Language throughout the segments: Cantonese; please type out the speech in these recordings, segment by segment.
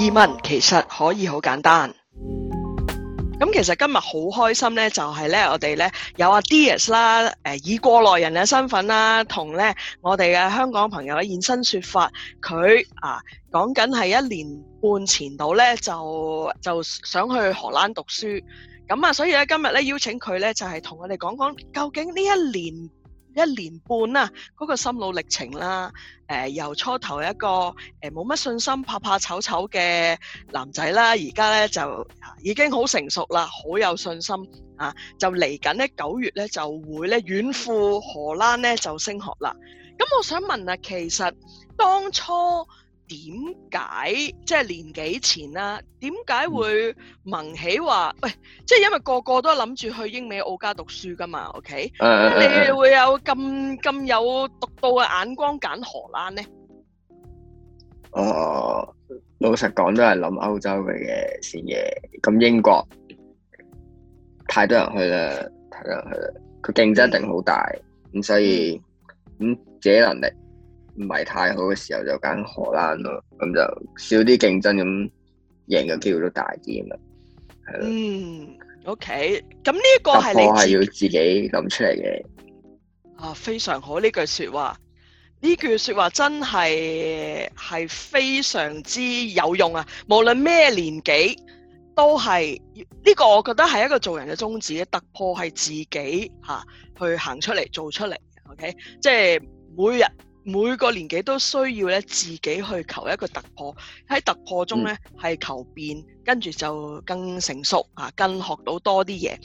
其實可以好簡單。咁其實今日好開心呢，就係呢。我哋呢有阿 Dias 啦，誒以過來人嘅身份啦，同呢我哋嘅香港朋友嘅現身說法。佢啊講緊係一年半前度呢，就就想去荷蘭讀書。咁啊，所以咧今日呢，邀請佢呢，就係同我哋講講究竟呢一年。一年半啦，嗰、那個心路歷程啦，誒、呃、由初頭一個誒冇乜信心、怕怕醜醜嘅男仔啦，而家咧就已經好成熟啦，好有信心啊！就嚟緊咧九月咧就會咧遠赴荷蘭咧就升學啦。咁我想問啊，其實當初。點解即係年幾前啦、啊？點解會萌起話，喂，即係因為個個都諗住去英美澳加讀書㗎嘛？OK，uh, uh, uh, uh, 你會有咁咁有獨到嘅眼光揀荷蘭咧？哦，老實講都係諗歐洲嘅嘢先嘅。咁英國太多人去啦，太多人去啦，佢競爭一定好大。咁、嗯、所以咁、嗯、自己能力，唔係太好嘅時候就揀荷蘭咯，咁就少啲競爭咁，贏嘅機會都大啲啊嘛，係啦。嗯，OK，咁呢個係你突破係要自己諗出嚟嘅。啊，非常好呢句說話，呢句說話真係係非常之有用啊！無論咩年紀都係呢、這個，我覺得係一個做人嘅宗旨。突破係自己吓、啊、去行出嚟，做出嚟。OK，即係每日。每個年紀都需要咧自己去求一個突破，喺突破中咧係求變，跟住就更成熟啊，更學到多啲嘢。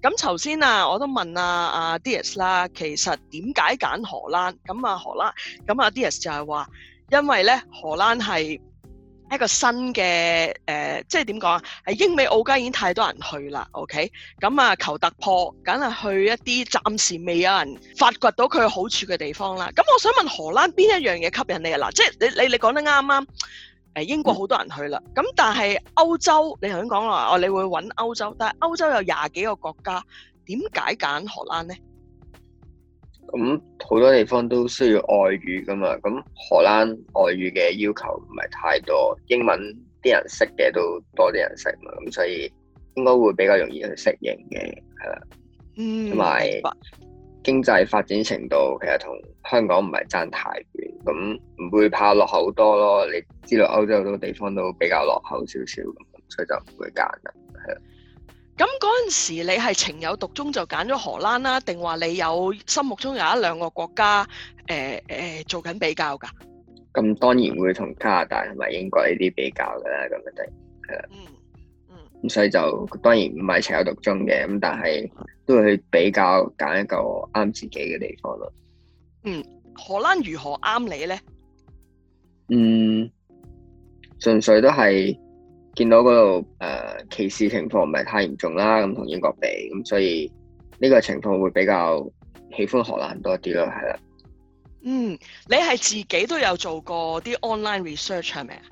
咁頭先啊，我都問阿、啊、阿、啊、Dias 啦，其實點解揀荷蘭？咁啊荷蘭，咁啊 Dias 就係話，因為咧荷蘭係。一個新嘅誒、呃，即係點講啊？係英美澳加已經太多人去啦。OK，咁啊，求突破，梗係去一啲暫時未有人發掘到佢好處嘅地方啦。咁我想問荷蘭邊一樣嘢吸引你啊？嗱，即係你你你講得啱啱，誒、呃、英國好多人去啦。咁、嗯、但係歐洲，你頭先講話哦，你會揾歐洲，但係歐洲有廿幾個國家，點解揀荷蘭呢？咁好多地方都需要外語㗎嘛，咁荷蘭外語嘅要求唔係太多，英文啲人識嘅都多啲人識嘛，咁所以應該會比較容易去適應嘅，係啦，同埋、嗯、經濟發展程度其實同香港唔係爭太遠，咁唔會怕落後多咯。你知道歐洲好多地方都比較落後少少，咁所以就唔會揀啦。咁嗰陣時，你係情有獨鍾就揀咗荷蘭啦，啊，定話你有心目中有一兩個國家，誒、呃、誒、呃、做緊比較噶？咁當然會同加拿大同埋英國呢啲比較噶啦，咁樣就係啦。嗯嗯，咁所以就當然唔係情有獨鍾嘅，咁但係都會去比較揀一個啱自己嘅地方咯。嗯，荷蘭如何啱你咧？嗯，純粹都係。見到嗰度誒歧視情況唔係太嚴重啦，咁同英國比，咁所以呢個情況會比較喜歡荷蘭多啲咯，係啦。嗯，你係自己都有做過啲 online research 係咪啊？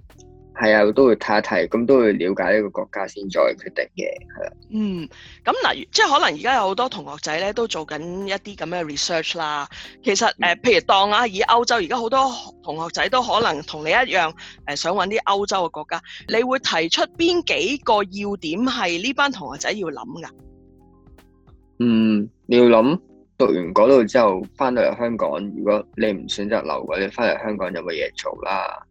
係啊，都會睇一睇，咁都會了解呢個國家先再決定嘅，係啊，嗯，咁嗱，即係可能而家有好多同學仔咧，都做緊一啲咁嘅 research 啦。其實誒、呃，譬如當啊，以歐洲而家好多同學仔都可能同你一樣，誒、呃，想搵啲歐洲嘅國家。你會提出邊幾個要點係呢班同學仔要諗㗎？嗯，你要諗讀完嗰度之後翻到嚟香港，如果你唔選擇留嘅，你翻嚟香港有冇嘢做啦？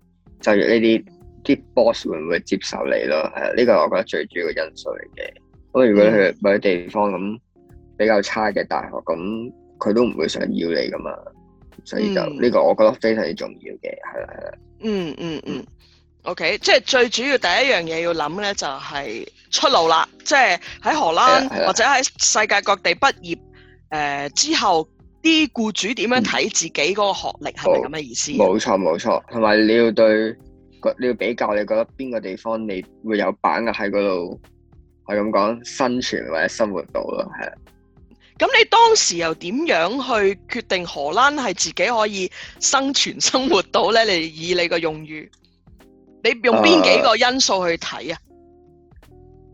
就如呢啲？嗯啲 boss 會唔會接受你咯？係啊，呢個係我覺得最主要嘅因素嚟嘅。咁如果你去某啲地方咁比較差嘅大學，咁佢、嗯、都唔會想要你噶嘛。所以就呢、嗯、個我覺得非常之重要嘅。係啦，係啦、嗯。嗯嗯嗯。OK，即係最主要第一樣嘢要諗咧，就係出路啦。即係喺荷蘭或者喺世界各地畢業誒、呃、之後，啲僱主點樣睇自己嗰個學歷係咪咁嘅意思？冇錯冇錯，同埋你要對，你要比較，你覺得邊個地方你會有把握喺嗰度？係咁講生存或者生活到咯，係。咁你當時又點樣去決定荷蘭係自己可以生存生活到咧？你以你個用語，你用邊幾個因素去睇啊？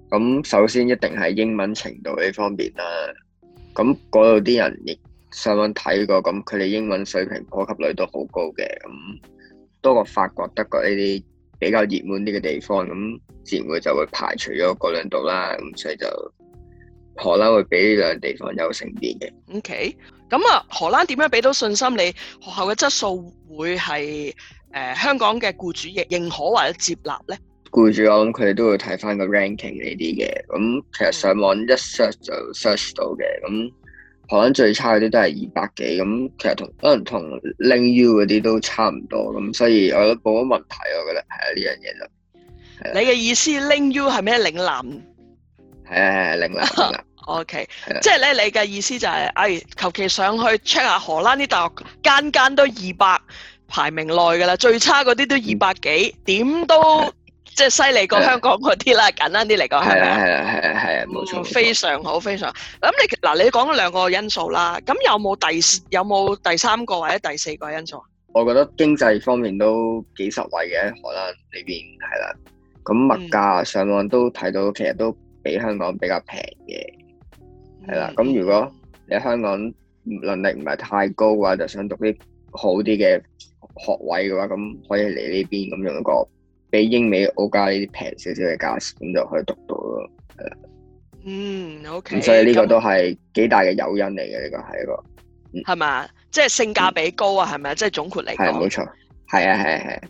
咁、uh, 首先一定係英文程度呢方面啦。咁嗰度啲人亦上網睇過，咁佢哋英文水平普及率都好高嘅。咁多過法國、德國呢啲比較熱門啲嘅地方，咁自然會就會排除咗嗰兩度啦，咁所以就荷蘭會俾呢兩地方有勝啲嘅。OK，咁啊，荷蘭點樣俾到信心你學校嘅質素會係誒、呃、香港嘅雇主亦認可或者接納咧？雇主我諗佢哋都會睇翻個 ranking 呢啲嘅，咁其實上網一 search 就 search 到嘅，咁。荷蘭最差嗰啲都係二百幾，咁其實同可能同 Ling U 嗰啲都差唔多，咁所以我覺得冇乜問題，我覺得係啊呢樣嘢就。這個、你嘅意思 Ling U 係咩？嶺南？係係係嶺南嶺南。Uh, o okay . K，對即係咧，你嘅意思就係、是，哎，求其上去 check 下荷蘭啲大學，間間都二百排名內噶啦，最差嗰啲都二百幾，點、嗯、都。 即係犀利過香港嗰啲啦，簡單啲嚟講係啦，係啊，係啊，係啊，冇錯，非常好，非常好。咁你嗱，你講咗兩個因素啦，咁有冇第有冇第三個或者第四個因素？我覺得經濟方面都幾實惠嘅，可能呢邊係啦。咁物價上網都睇到，其實都比香港比較平嘅，係啦。咁如果你喺香港能力唔係太高嘅話，就想讀啲好啲嘅學位嘅話，咁可以嚟呢邊咁用一個。比英美澳加呢啲平少少嘅價錢，咁就可以讀到咯。係啦，嗯，OK。所以呢個都係、嗯、幾大嘅誘因嚟嘅，呢個係個。係嘛吧？嗯、即係性價比高啊？係咪啊？即係總括嚟講，冇錯。係啊，係啊，係。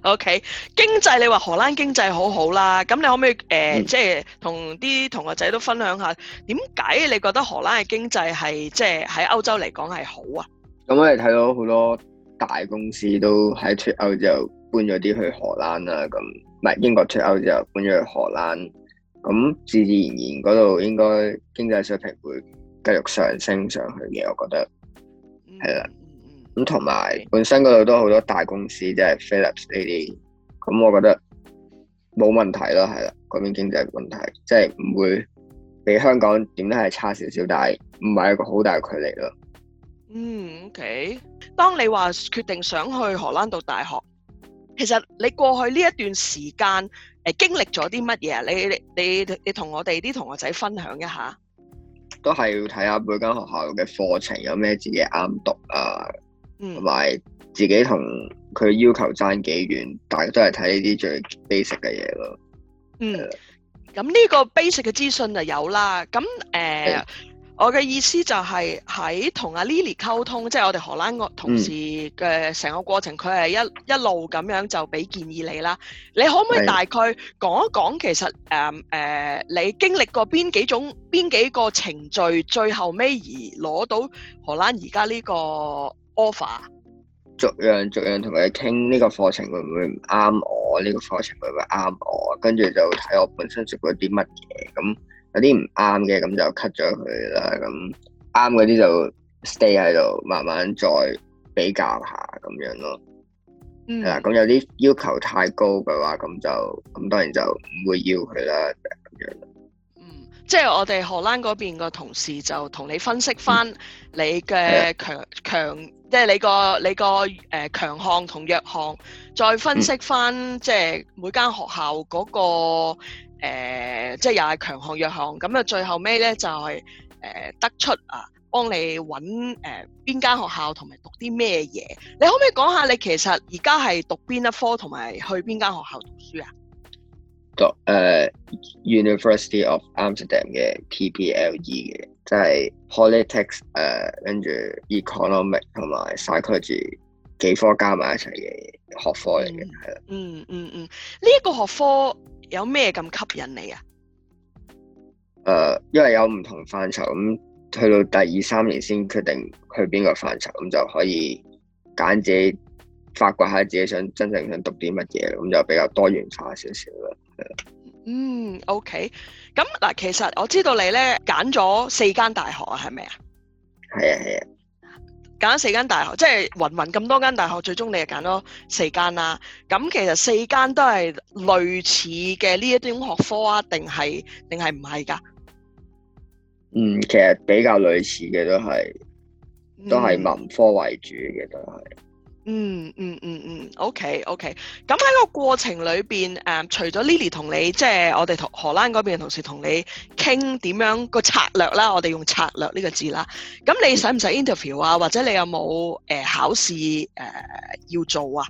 OK，經濟你話荷蘭經濟好好啦，咁你可唔可以誒，呃嗯、即係同啲同學仔都分享下點解你覺得荷蘭嘅經濟係即係喺歐洲嚟講係好啊？咁、嗯、我哋睇到好多大公司都喺脫歐洲。搬咗啲去荷蘭啦，咁唔係英國脱歐之後搬咗去荷蘭，咁自自然然嗰度應該經濟水平會繼續上升上去嘅，我覺得係啦。咁同埋本身嗰度都好多大公司，即係 Philips 呢啲，咁我覺得冇問題咯。係啦，嗰邊經濟問題即係唔會比香港點都係差少少，但係唔係一個好大距離咯。嗯，OK。當你話決定想去荷蘭讀大學？其實你過去呢一段時間，誒、呃、經歷咗啲乜嘢？你你你你同我哋啲同學仔分享一下。都係要睇下每間學校嘅課程有咩自己啱讀啊，同埋、嗯、自己同佢要求爭幾遠，大家都係睇呢啲最 basic 嘅嘢咯。嗯，咁呢的個 basic 嘅資訊就有啦，咁誒。呃我嘅意思就係、是、喺同阿 Lily 溝通，即、就、係、是、我哋荷蘭個同事嘅成個過程，佢係、嗯、一一路咁樣就俾建議你啦。你可唔可以大概講一講，其實誒誒是、嗯呃，你經歷過邊幾種、邊幾個程序，最後尾而攞到荷蘭而家呢個 offer？逐樣逐樣同佢傾，呢、這個課程會唔會唔啱我？呢、這個課程會唔會啱我？跟住就睇我本身接咗啲乜嘢咁。有啲唔啱嘅，咁就 cut 咗佢啦。咁啱嗰啲就 stay 喺度，慢慢再比較下咁樣咯。嗱、嗯，咁有啲要求太高嘅話，咁就咁當然就唔會要佢啦。咁樣。即係我哋荷蘭嗰邊個同事就同你分析翻你嘅強強，即係、嗯、你個你個、呃、強項同弱項，再分析翻、嗯、即係每間學校嗰個、呃、即係又係強項弱項。咁啊，最後尾咧就係誒得出啊，幫你揾誒邊間學校同埋讀啲咩嘢。你可唔可以講下你其實而家係讀邊一科同埋去邊間學校讀書啊？誒，University of Amsterdam 嘅 PPLE 嘅，即係 Politics 誒、uh，跟住 Economic 同埋 Psychology 幾科加埋一齊嘅學科嚟嘅，係啦、嗯。嗯嗯嗯，呢、嗯、一、這個學科有咩咁吸引你啊？誒、呃，因為有唔同範疇，咁去到第二三年先決定去邊個範疇，咁就可以揀自己。發掘下自己想真正想讀啲乜嘢，咁就比較多元化少少啦。嗯，OK。咁嗱，其實我知道你咧揀咗四間大學啊，係咪啊？係啊，係啊。揀咗四間大學，即係芸芸咁多間大學，最終你係揀咗四間啦。咁其實四間都係類似嘅呢一啲學科啊，定係定係唔係噶？是是嗯，其實比較類似嘅都係，都係文科為主嘅，都係、嗯。嗯嗯嗯嗯，OK OK、嗯。咁喺個過程裏邊，誒、嗯，除咗 Lily 同你，即、就、係、是、我哋同荷蘭嗰邊嘅同事同你傾點樣、那個策略啦，我哋用策略呢個字啦。咁你使唔使 interview 啊？或者你有冇誒、呃、考試誒、呃、要做啊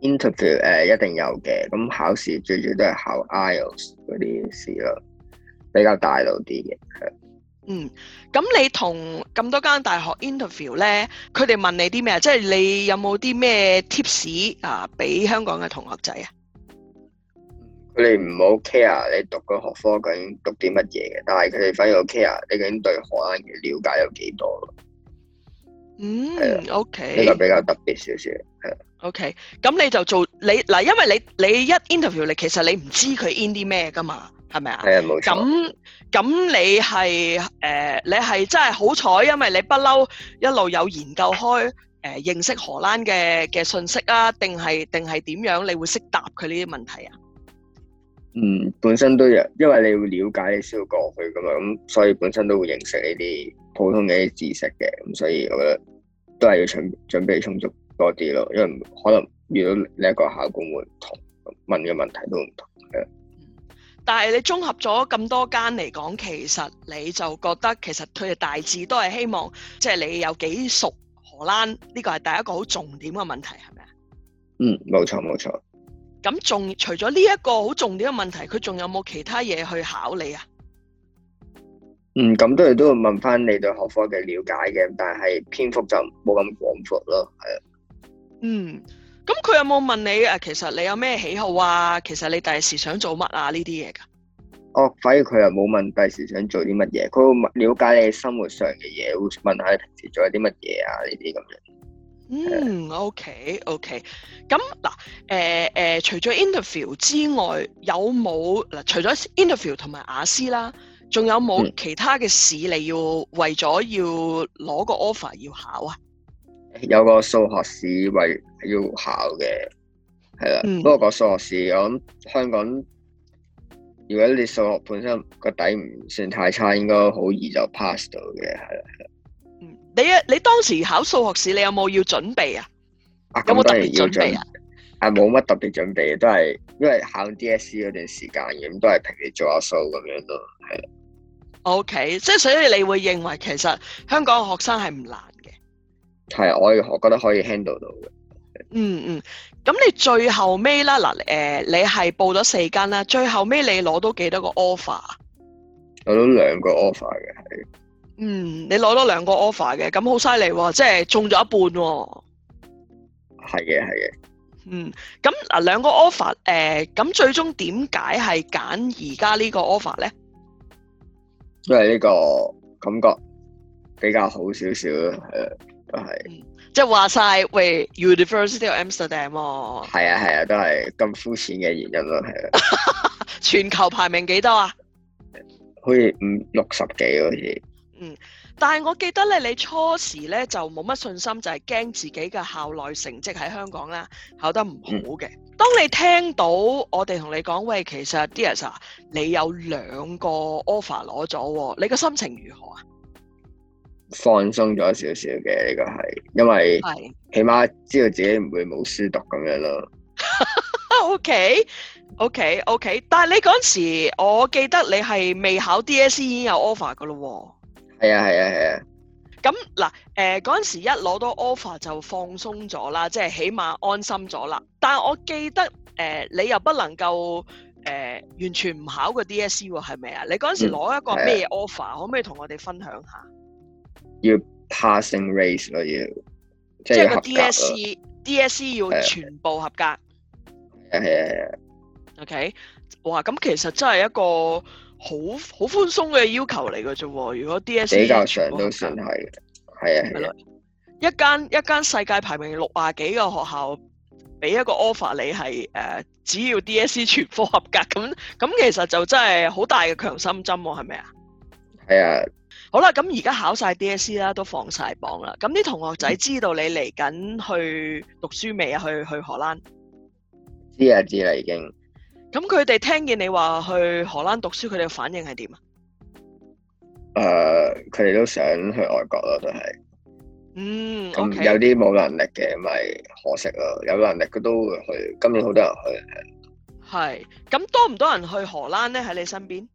？Interview 誒、呃、一定有嘅，咁考試最主要都係考 IELTS 嗰啲試咯，比較大路啲嘅。嗯，咁你同咁多間大學 interview 咧，佢哋問你啲咩啊？即係你有冇啲咩 tips 啊，俾香港嘅同學仔啊？佢哋唔好 care 你讀個學科究竟讀啲乜嘢嘅，但係佢哋反而好 care 你究竟對荷蘭嘅了解有幾多咯。嗯的，OK 呢個比較特別少少，係 OK，咁你就做你嗱，因為你你一 interview 你其實你唔知佢 in 啲咩噶嘛。係咪啊？係啊，冇錯。咁咁你係誒，你係真係好彩，因為你不嬲一路有研究開誒，認識荷蘭嘅嘅信息啊，定係定係點樣你會識答佢呢啲問題啊？嗯，本身都有，因為你會了解你需要過去咁樣，咁所以本身都會認識呢啲普通嘅知識嘅，咁所以我覺得都係要準準備充足多啲咯，因為可能遇到另一個考官會唔同，問嘅問題都唔同。但係你綜合咗咁多間嚟講，其實你就覺得其實佢哋大致都係希望，即係你有幾熟荷蘭呢個係第一個好重點嘅問題，係咪啊？嗯，冇錯冇錯。咁仲除咗呢一個好重點嘅問題，佢仲有冇其他嘢去考你啊？嗯，咁都係都要問翻你對學科嘅了解嘅，但係篇幅就冇咁廣闊咯，係啊。嗯。咁佢有冇問你誒？其實你有咩喜好啊？其實你第時想做乜啊？呢啲嘢㗎？哦，反而佢又冇問第時想做啲乜嘢，佢會了解你生活上嘅嘢，會問下你平時做啲乜嘢啊？呢啲咁樣。嗯，OK，OK。咁嗱、嗯，誒、okay, 誒、okay 呃呃，除咗 interview 之外，有冇嗱、呃？除咗 interview 同埋雅思啦，仲有冇其他嘅試你要、嗯、為咗要攞個 offer 要考啊？有個數學試要考嘅，係啦。嗯、不過個數學試，我諗香港如果你數學本身個底唔算太差，應該好易就 pass 到嘅。係啦。嗯，你啊，你當時考數學試，你有冇要準備啊？有冇特別準備啊？啊，冇乜特別準備，都係因為考 DSE 嗰段時間，咁都係平時做下數咁樣咯。係。OK，即係所以你會認為其實香港學生係唔難。係，我我覺得可以 handle 到嘅，嗯。嗯嗯，咁你最後尾啦，嗱，誒，你係報咗四間啦，最後尾你攞到幾多個 offer？攞到兩個 offer 嘅，係。嗯，你攞到兩個 offer 嘅，咁好犀利喎！即係中咗一半。哦。係嘅，係嘅。嗯，咁啊，er, 呃，兩個 offer，誒，咁最終點解係揀而家呢個 offer 咧？因為呢個感覺比較好少少誒，係啊。都係，即係話晒喂，University of Amsterdam 啊，係啊係啊，都係咁膚淺嘅原因咯，係啊。 全球排名幾多啊？好似五六十幾好似。嗯，但係我記得咧，你初時咧就冇乜信心，就係、是、驚自己嘅校內成績喺香港啦，考得唔好嘅。嗯、當你聽到我哋同你講，喂，其實 Dias，、啊、你有兩個 offer 攞咗、啊，你個心情如何啊？放鬆咗少少嘅，呢個係，因為起碼知道自己唔會冇書讀咁樣咯。OK，OK，OK，但係你嗰陣時，我記得你係未考 DSE 已經有 offer 噶咯。係啊，係啊，係啊。咁嗱，誒、呃，嗰陣時一攞到 offer 就放鬆咗啦，即係起碼安心咗啦。但係我記得，誒、呃，你又不能夠，誒、呃，完全唔考個 DSE 係咪啊？你嗰陣時攞一個咩 offer，可唔可以同我哋分享下？要 passing rate 咯，即要即係個 D.S.C. 對 D.S.C. 要全部合格。係係係。O.K.，哇，咁其實真係一個好好寬鬆嘅要求嚟嘅啫。如果 D.S.C. 比較長都算係啊，係啊。一間一間世界排名六啊幾嘅學校，俾一個 offer 你係誒，uh, 只要 D.S.C. 全科合格，咁咁其實就真係好大嘅強心針喎，係咪啊？係啊。好啦，咁而家考晒 DSE 啦，都放晒榜啦。咁啲同學仔知道你嚟緊去讀書未啊？去去荷蘭？知啊知啦，已經。咁佢哋聽見你話去荷蘭讀書，佢哋嘅反應係點啊？誒、呃，佢哋都想去外國咯，都係。嗯。咁，Okay，有啲冇能力嘅，咪可惜咯。有能力佢都會去。今年好多人去。係。咁多唔多人去荷蘭咧？喺你身邊？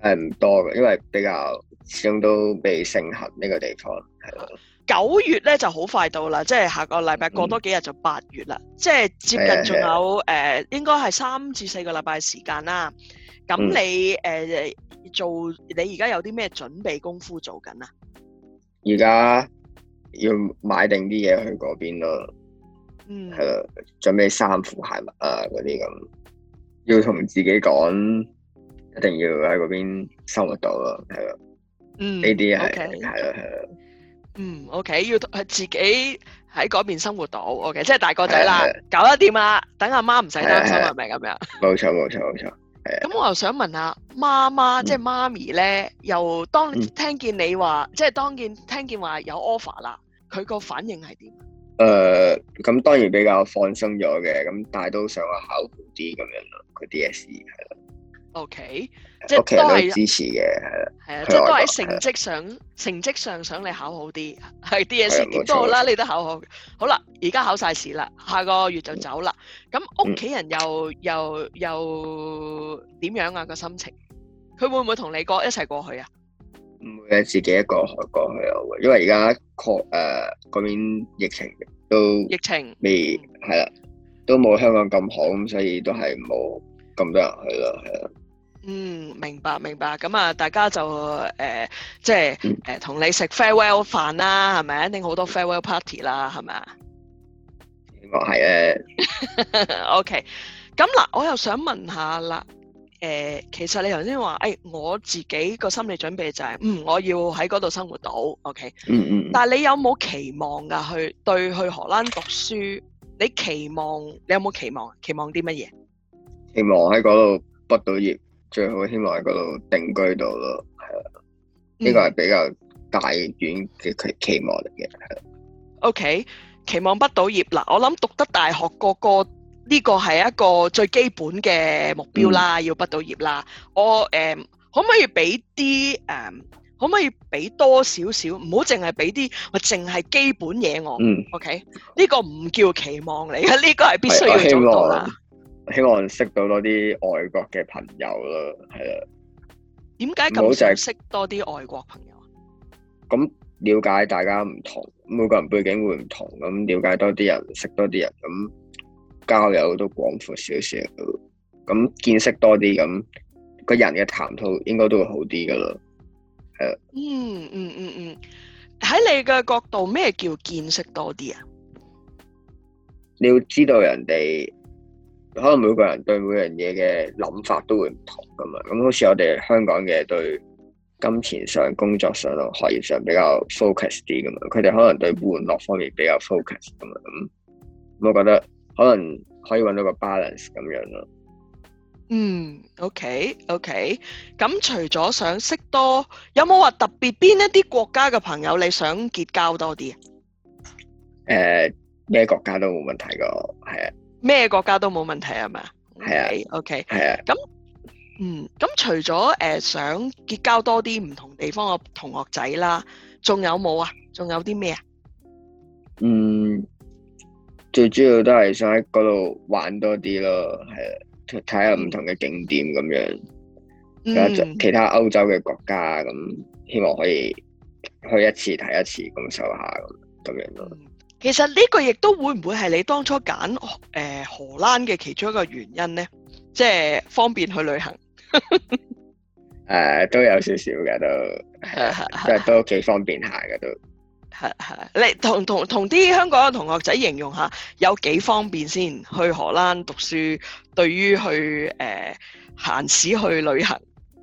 誒，唔多嘅，因為比較。始終都被盛行呢個地方，係咯。九月咧就好快到啦，即係下個禮拜過多幾日就八月啦，即係接近仲有誒，應該係三至四個禮拜時間啦。咁你誒做你而家有啲咩準備功夫做緊啊？而家要買定啲嘢去嗰邊咯，嗯，係咯，準備衫褲鞋襪啊嗰啲咁，要同自己講，一定要喺嗰邊生活到咯，係咯。嗯，呢啲係係係。Okay, 嗯，OK，要自己喺嗰邊生活到，OK，即係大個仔啦，了搞得掂啦，了等阿媽唔使擔心，係咪咁樣？冇錯冇錯冇錯。咁我又想問下媽媽，媽媽嗯、即係媽咪咧，又當你聽見你話，嗯、即係當見聽見話有 offer 啦，佢個反應係點？誒、呃，咁當然比較放鬆咗嘅，咁但係都想去考慮啲咁樣咯，佢啲嘢事係咯。OK。即係都係支持嘅，係啊，即係都係成績上，成績上想你考好啲，係啲嘢先好啦。你都考好，好啦，而家考晒試啦，下個月就走啦。咁屋企人又又又點樣啊？個心情，佢會唔會同你哥一齊過去啊？唔會，自己一個去過去咯。因為而家確誒嗰邊疫情都疫情未係啦，都冇香港咁好，咁所以都係冇咁多人去咯，係啊。嗯，明白明白，咁啊，大家就誒、呃，即係誒，同、呃、你食 farewell 飯啦，係咪？一定好多 farewell party 啦，係咪啊？希望係啊，O K，咁嗱，我又想問下啦，誒、呃，其實你頭先話，誒、哎，我自己個心理準備就係、是，嗯，我要喺嗰度生活到。OK，嗯，嗯嗯。但係你有冇期望噶？去對去荷蘭讀書，你期望你有冇期望？期望啲乜嘢？期望喺嗰度畢到業。最好希望喺嗰度定居到咯，係啦、嗯，呢個係比較大遠嘅期期望嚟嘅，係 O K，期望畢到業嗱，我諗讀得大學個個呢個係一個最基本嘅目標啦，嗯、要畢到業啦。我誒、嗯，可唔可以俾啲誒？可唔可以俾多少少？唔好淨係俾啲，我淨係基本嘢我、啊。嗯。O K，呢個唔叫期望嚟嘅，呢、這個係必須要做到啦。嗯嗯啊希望識到多啲外國嘅朋友咯，係啦。點解咁想識多啲外國朋友啊？咁了解大家唔同，每個人背景會唔同，咁了解多啲人，識多啲人，咁交友都廣闊少少，咁見識多啲，咁個人嘅談吐應該都會好啲噶啦，係啦、嗯。嗯嗯嗯嗯，喺、嗯、你嘅角度咩叫見識多啲啊？你要知道人哋。可能每個人對每樣嘢嘅諗法都會唔同噶嘛，咁好似我哋香港嘅對金錢上、工作上同學業上比較 focus 啲噶嘛，佢哋可能對玩樂方面比較 focus 咁嘛，咁我覺得可能可以搵到個 balance 咁樣咯。嗯，OK，OK，okay, okay. 咁除咗想識多，有冇話特別邊一啲國家嘅朋友你想結交多啲啊？誒、呃，咩國家都冇問題㗎，係啊。咩國家都冇問題係咪啊？係啊，OK，係啊。咁，嗯，咁除咗誒想結交多啲唔同地方嘅同學仔啦，仲有冇啊？仲有啲咩啊？嗯，最主要都係想喺嗰度玩多啲咯，係啊，睇下唔同嘅景點咁樣，嗯、其他其他歐洲嘅國家咁，希望可以去一次睇一次感受下咁，咁樣咯。其實呢個亦都會唔會係你當初揀誒荷蘭嘅其中一個原因咧？即係方便去旅行。誒、 啊、都有少少嘅都，即係 都幾方便下嘅都。係係， 你同同同啲香港嘅同學仔形容下，有幾方便先去荷蘭讀書？對於去誒閒時去旅行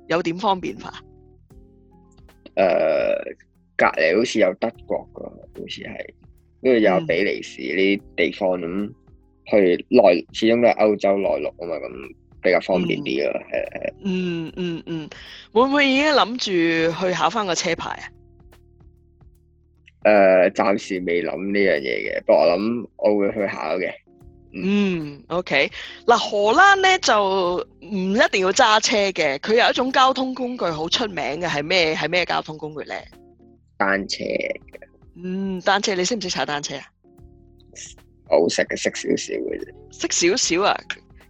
有點方便法？誒隔離好似有德國㗎，好似係。因為有比利時呢啲地方咁，嗯、去內始終都係歐洲內陸啊嘛，咁比較方便啲咯，係嗯的嗯嗯，嗯，會唔會已經諗住去考翻個車牌啊？誒、呃，暫時未諗呢樣嘢嘅，不過我諗我會去考嘅。嗯，嗯，OK，嗱，荷蘭咧就唔一定要揸車嘅，佢有一種交通工具好出名嘅係咩？係咩交通工具咧？單車。嗯，單車你識唔識踩單車啊？我識嘅，識少少嘅啫。識少少啊？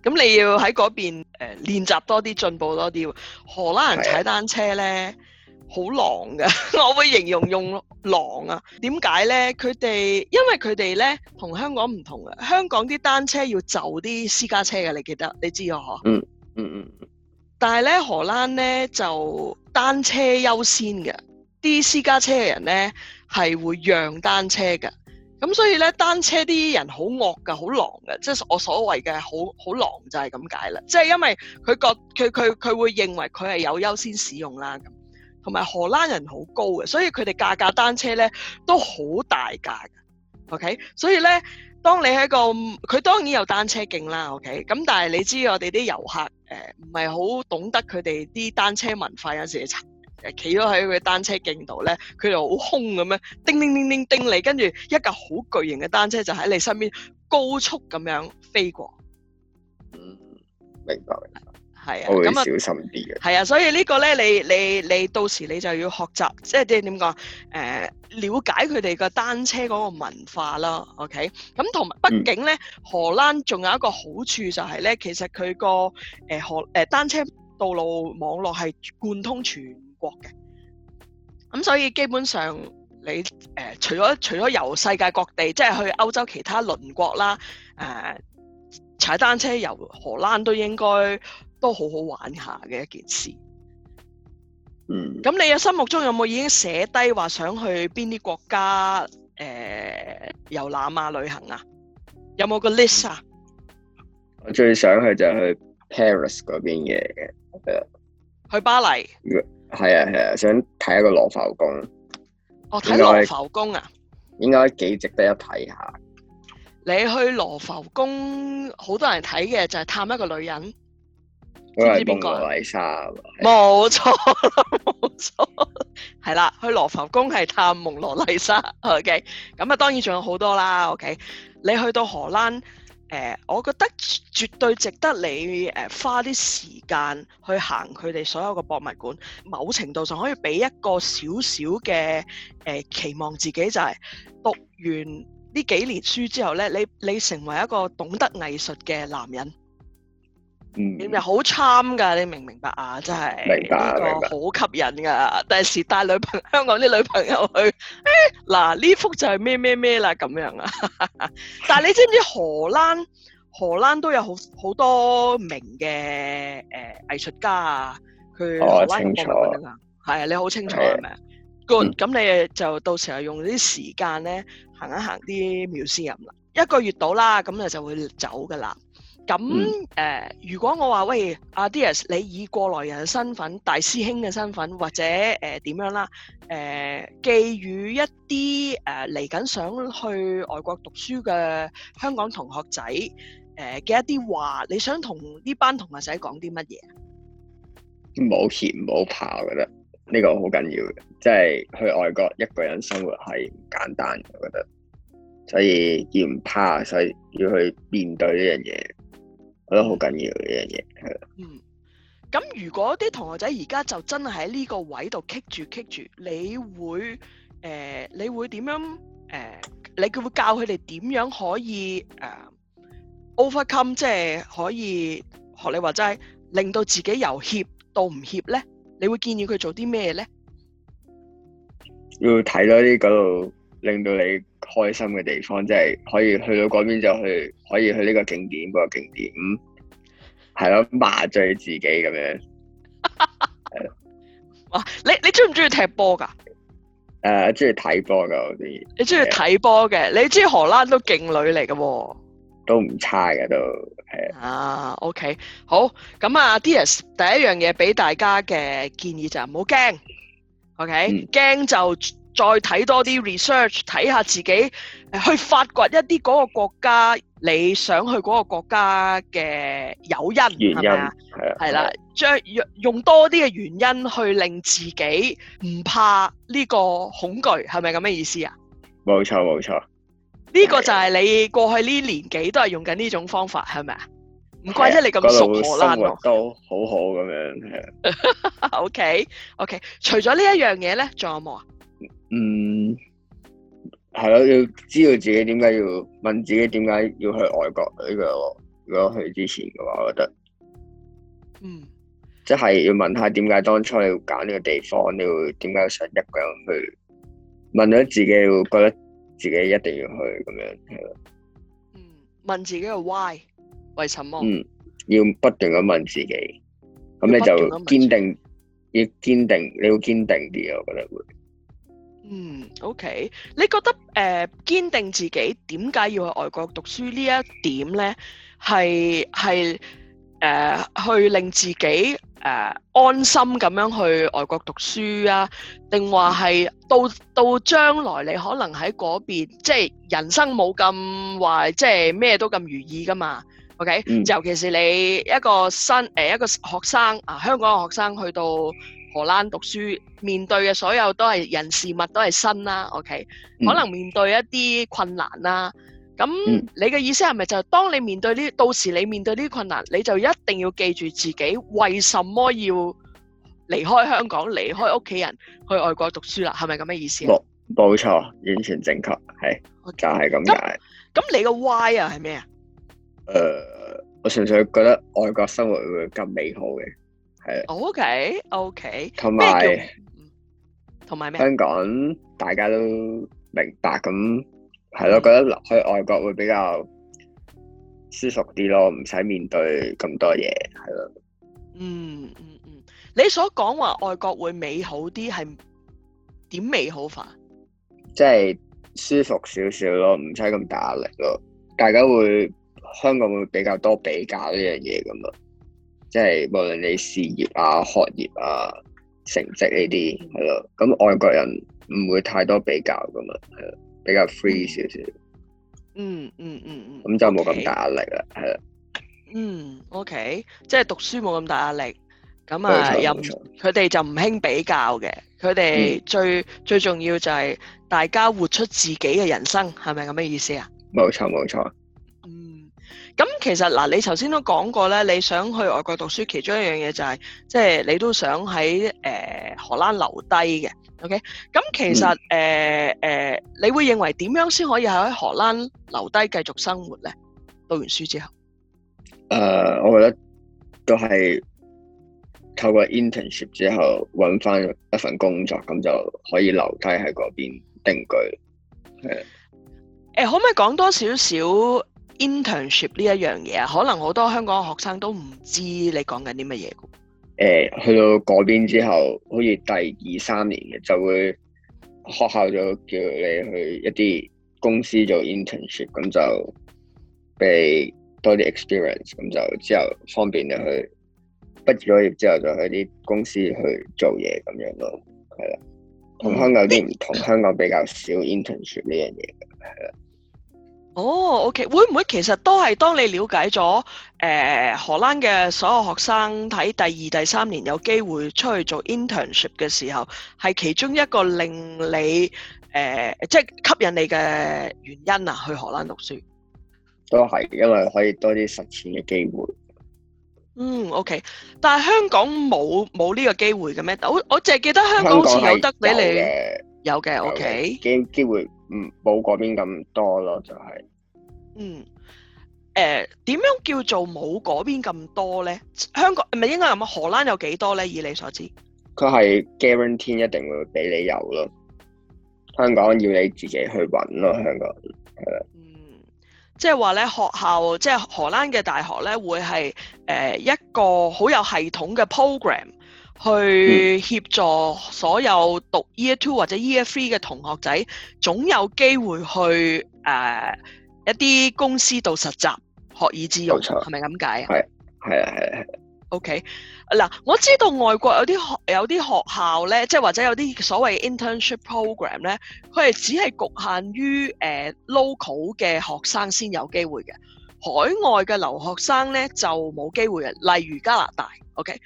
咁你要喺嗰邊誒練習多啲，進步多啲。荷蘭人踩單車咧好的狼嘅，我會形容用狼啊。點解咧？佢哋因為佢哋咧同香港唔同嘅，香港啲單車要就啲私家車嘅，你記得你知啊、嗯？嗯嗯嗯。但係咧，荷蘭咧就單車優先嘅，啲私家車嘅人咧。係會讓單車嘅。咁所以咧，單車啲人好惡噶，好狼噶，即係我所謂嘅好好狼就係咁解啦。即係因為佢覺佢佢佢會認為佢係有優先使用啦，咁同埋荷蘭人好高嘅，所以佢哋架架單車咧都好大架嘅，OK。所以咧，當你喺一個佢當然有單車徑啦，OK。咁但係你知道我哋啲遊客誒唔係好懂得佢哋啲單車文化，有時誒企咗喺佢嘅單車徑度咧，佢就好空咁樣叮叮叮叮叮你，跟住一架好巨型嘅單車就喺你身邊高速咁樣飛過。嗯，明白，明白。係啊，咁啊小心啲嘅係啊，所以呢個呢個咧，你你你，你到時你就要學習，即係點講誒，瞭、呃、解佢哋嘅單車嗰個文化啦。OK，咁同埋，畢竟咧荷蘭仲有一個好處就係咧，其實佢個誒荷誒單車道路網絡係貫通全國嘅，咁所以基本上你誒、呃，除咗除咗由世界各地，即係去歐洲其他鄰國啦，誒、呃，踩單車遊荷蘭都應該都好好玩下嘅一件事。嗯，咁你嘅心目中有冇已經寫低話想去邊啲國家？誒、呃，遊覽啊，旅行啊，有冇個 list 啊？我最想去就去 Paris 嗰邊嘅，去巴黎。係啊，係啊，想睇一個羅浮宮。我睇羅浮宮啊，應該幾值得一睇下。你去羅浮宮，好多人睇嘅就係探一個女人，知唔知邊個？蒙羅麗錯 莎，冇錯冇錯，係啦。去羅浮宮係探蒙羅麗莎。O K，咁啊，當然仲有好多啦。OK，你去到荷蘭。呃、我覺得絕對值得你誒、呃、花啲時間去行佢哋所有嘅博物館，某程度上可以俾一個少少嘅期望自己，就係、是、讀完呢幾年書之後咧，你你成為一個懂得藝術嘅男人。點呀，好貪噶，你明唔明白啊？真係，呢個好吸引噶。第時白帶女朋友，香港啲女朋友去，嗱、哎、呢幅就係咩咩咩啦咁樣啊。哈哈 但係你知唔知荷蘭？荷蘭都有好好多名嘅誒、呃、藝術家啊、哦。佢我清楚，係啊、嗯，你好清楚係咪？咁咁、嗯，是是 Good, 那你就到時候用啲時間咧，行一行啲 museum 啦，一個月到啦，咁你就會走㗎啦。咁誒、呃，如果我話喂阿、啊、Dias 你以過來人嘅身份、大師兄嘅身份，或者誒點、呃、樣啦？誒、呃，寄予一啲誒嚟緊想去外國讀書嘅香港同學仔誒嘅、呃、一啲話，你想同呢班同學仔講啲乜嘢？唔好怯，唔好怕，我覺得呢、這個好緊要嘅，即係去外國一個人生活係唔簡單我覺得。所以要唔怕，所以要去面對呢樣嘢。我覺得好緊要呢樣嘢，嗯，咁如果啲同學仔而家就真係喺呢個位度棘住棘住，你會誒、呃，你會點樣誒、呃？你佢會教佢哋點樣可以誒、呃、，overcome 即係可以學你話齋，令到自己由怯到唔怯咧？你會建議佢做啲咩咧？要睇咯，呢個。令到你開心嘅地方，即係可以去到嗰邊就去，可以去呢個景點，嗰、嗰個景點，係咯麻醉自己咁 樣。 哇！你你中唔中意踢波噶？誒，中意睇波噶，我中意。你中意睇波嘅？呃、你中意荷蘭都勁女嚟噶、啊，都唔差嘅都係啊。OK，好。咁啊 Dias 第一樣嘢俾大家嘅建議就係唔好驚。OK，驚、嗯、就。再睇多啲 research，睇下自己，去發掘一啲嗰個國家，你想去嗰個國家嘅誘因，係咪啊？係啦，將用多啲嘅原因去令自己唔怕呢個恐懼，係咪咁嘅意思啊？冇錯冇錯，呢個就係你過去呢年紀都係用緊呢種方法，係咪啊？唔怪得你咁熟荷蘭，生活都好好咁樣，係。O K O K，除咗呢一樣嘢咧，仲有冇啊？嗯，係咯，要知道自己點解要問自己點解要去外國呢個？如果去之前嘅話，我覺得，嗯，即係要問下點解當初你要揀呢個地方，你會點解想一個人去？問咗自己，會覺得自己一定要去咁樣係咯。嗯，問自己個 why，為什麼？嗯，要不斷咁問自己，咁你就堅定，要堅定，你要堅定啲。我覺得會。嗯，OK，你覺得誒、呃、堅定自己點解要去外國讀書呢一點呢？係係誒去令自己誒、呃、安心咁樣去外國讀書啊？定話係到到將來你可能喺嗰邊，即係人生冇咁壞，即係咩都咁如意㗎嘛？O、okay? K，尤其是你一個新誒、欸、一個學生啊，香港嘅學生去到荷蘭讀書，面對嘅所有都係人事物都係新啦、啊。O、okay? K，、嗯、可能面對一啲困難啦、啊。咁你嘅意思係咪就係當你面對呢，到時你面對呢啲困難，你就一定要記住自己為什麼要離開香港，離開屋企人去外國讀書啦？係咪咁嘅意思、啊？冇錯，完全正確，係 Okay. 就係咁解。咁你個 Why 啊，係咩啊？誒、呃，我純粹覺得外國生活會咁美好嘅，係啊。O K，O K，同埋，同埋咩？香港大家都明白，咁係咯，嗯、覺得去外國會比較舒服啲咯，唔使面對咁多嘢，係咯、嗯。嗯嗯嗯，你所講話外國會美好啲，係點美好法？即係舒服少少咯，唔使咁大壓力咯，大家會。香港會比較多比較呢樣嘢咁啊，即係無論你事業啊、學業啊、成績呢啲係咯，咁、嗯、外國人唔會太多比較噶嘛，係比較 free 少少、嗯。嗯嗯嗯嗯，咁就冇咁大壓力啦，係啦、嗯。嗯，OK，即係讀書冇咁大壓力，咁啊，任佢哋就唔興比較嘅，佢哋最、嗯、最重要就係大家活出自己嘅人生，係咪咁嘅意思啊？冇錯冇錯，嗯。咁其實嗱，你頭先都講過咧，你想去外國讀書，其中一樣嘢就係，即係你都想喺誒荷蘭留低嘅，OK？咁其實誒誒，你會認為點樣先可以喺荷蘭留低繼續生活咧？讀完書之後，誒，我覺得都係透過 internship 之後揾翻一份工作，咁就可以留低喺嗰邊定居。係。誒，可唔可以講多少少？Internship 呢一樣嘢啊，可能好多香港學生都唔知你講緊啲乜嘢嘅。誒，去到嗰邊之後，好似第二三年嘅就會學校就叫你去一啲公司做 internship，咁就俾多啲 experience，咁就之後方便你去畢咗業之後就去啲公司去做嘢咁樣咯，係啦。同香港啲唔同，嗯、香港比較少 internship 呢樣嘢嘅，係啦。哦、oh，OK，會唔會其實都係當你了解咗誒、呃、荷蘭嘅所有學生喺第二、第三年有機會出去做 internship 嘅時候，係其中一個令你誒即係吸引你嘅原因啊？去荷蘭讀書都係因為可以多啲實踐嘅機會。嗯，OK，但係香港冇冇呢個機會嘅咩？我我淨係記得香港好似有得俾你有嘅，OK，機機會。那那嗯，冇嗰邊咁多咯，就係，嗯，誒，點樣叫做冇嗰邊咁多咧？香港唔係應該有啊，荷蘭有幾多咧？以你所知，佢係 guarantee 一定會俾你有咯。香港要你自己去揾咯，香港係啦，嗯，即係話咧，學校即係荷蘭嘅大學咧，會係誒、呃、一個好有系統嘅 program。去協助所有讀 Year Two 或者 Year Three 嘅同學仔，總有機會去誒、呃、一啲公司度實習，學以致用，係咪咁解啊？係係啊，係係。O K 嗱，我知道外國有啲學有啲學校咧，即係或者有啲所謂 internship program 咧，佢係只係局限於誒、呃、local 嘅學生先有機會嘅，海外嘅留學生咧就冇機會嘅，例如加拿大。O K。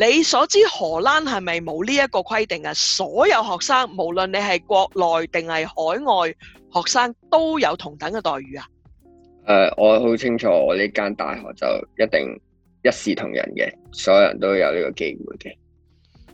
你所知荷蘭係咪冇呢一個規定啊？所有學生無論你係國內定係海外學生都有同等嘅待遇啊？誒，呃，我好清楚，我呢間大學就一定一視同仁嘅，所有人都有呢個機會嘅。誒，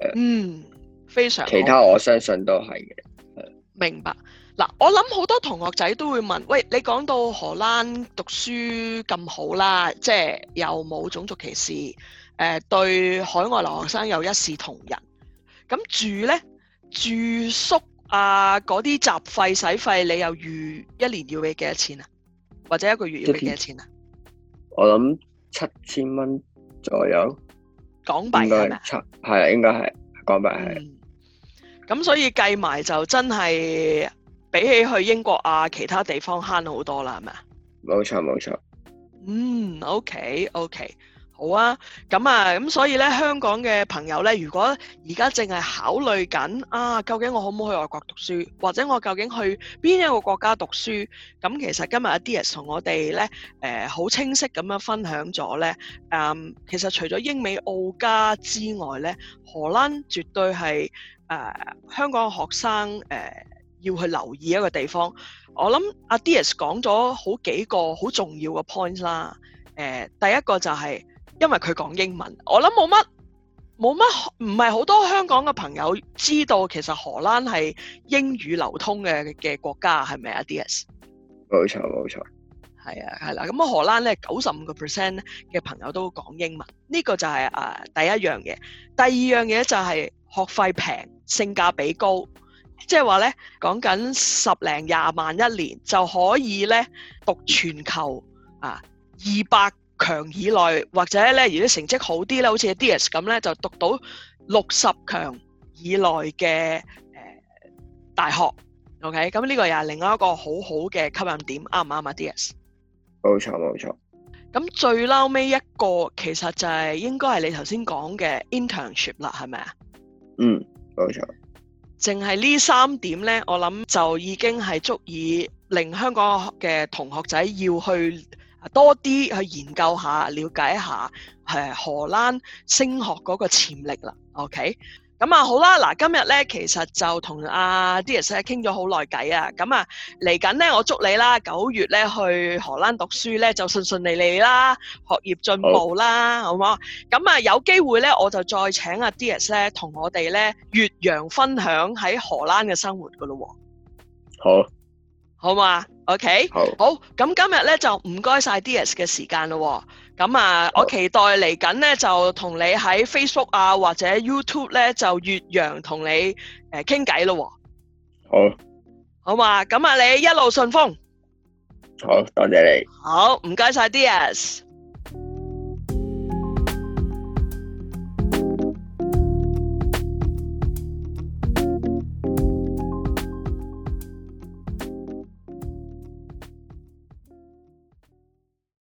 呃，嗯，非常。其他我相信都係嘅。呃，明白。嗱，呃，我諗好多同學仔都會問，喂，你講到荷蘭讀書咁好啦，即係又冇種族歧視。誒、呃，對海外留學生有一視同仁。咁住咧，住宿啊，嗰啲雜費使費，你又預一年要俾幾多錢啊？或者一個月要俾幾多錢啊？我諗七千蚊左右，港幣係咪？七係啊，應該係港幣係。咁、嗯、所以計埋就真係比起去英國啊其他地方慳好多啦，係咪？冇錯冇錯。錯嗯，OK OK。好啊，咁、嗯、啊，咁所以咧，香港嘅朋友咧，如果而家淨係考慮緊啊，究竟我可唔可以去外國讀書，或者我究竟去邊一個國家讀書？咁、嗯、其實今日阿 Dias 同我哋咧，誒、呃、好清晰咁樣分享咗咧，誒、嗯、其實除咗英美澳加之外咧，荷蘭絕對係誒、呃、香港學生誒、呃、要去留意一個地方。我諗阿 Dias 講咗好幾個好重要嘅 point 啦，誒、呃、第一個就係、是。因為佢講英文，我諗冇乜冇乜，唔係好多香港嘅朋友知道其實荷蘭係英語流通嘅嘅國家，係咪啊？Dias？冇錯冇錯，係啊係啦，咁啊荷蘭咧九十五個 percent 嘅朋友都講英文，呢個就係啊第一樣嘢。第二樣嘢就係學費平，性價比高，即係話咧講緊十零廿萬一年就可以咧讀全球啊二百。強以內或者咧，如果成績好啲咧，好似 Dias 咁咧，就讀到六十強以內嘅誒大學。OK，咁呢個又係另外一個好好嘅吸引點，啱唔啱啊？Dias，冇錯冇錯。咁最撈尾一個其實就係應該係你頭先講嘅 internship 啦，係咪啊？嗯，冇錯。淨係呢三點咧，我諗就已經係足以令香港嘅同學仔要去。多啲去研究下，了解一下誒、呃、荷蘭升學嗰個潛力啦。OK，咁啊好啦，嗱今日咧其實就同阿、啊、DIAS 咧傾咗好耐偈啊。咁啊嚟緊咧，我祝你啦，九月咧去荷蘭讀書咧就順順利利啦，學業進步啦，好唔好？咁啊有機會咧，我就再請阿、啊、DIAS 咧同我哋咧越洋分享喺荷蘭嘅生活噶咯喎。好。好嘛，OK，好，咁今日咧就唔該晒 Dias 嘅時間咯、哦，咁啊，好我期待嚟緊咧就同你喺 Facebook 啊或者 YouTube 咧就越洋同你誒傾偈咯，呃哦、好，好嘛，咁啊你一路順風，好，多謝，謝你，好唔該晒 Dias。謝謝。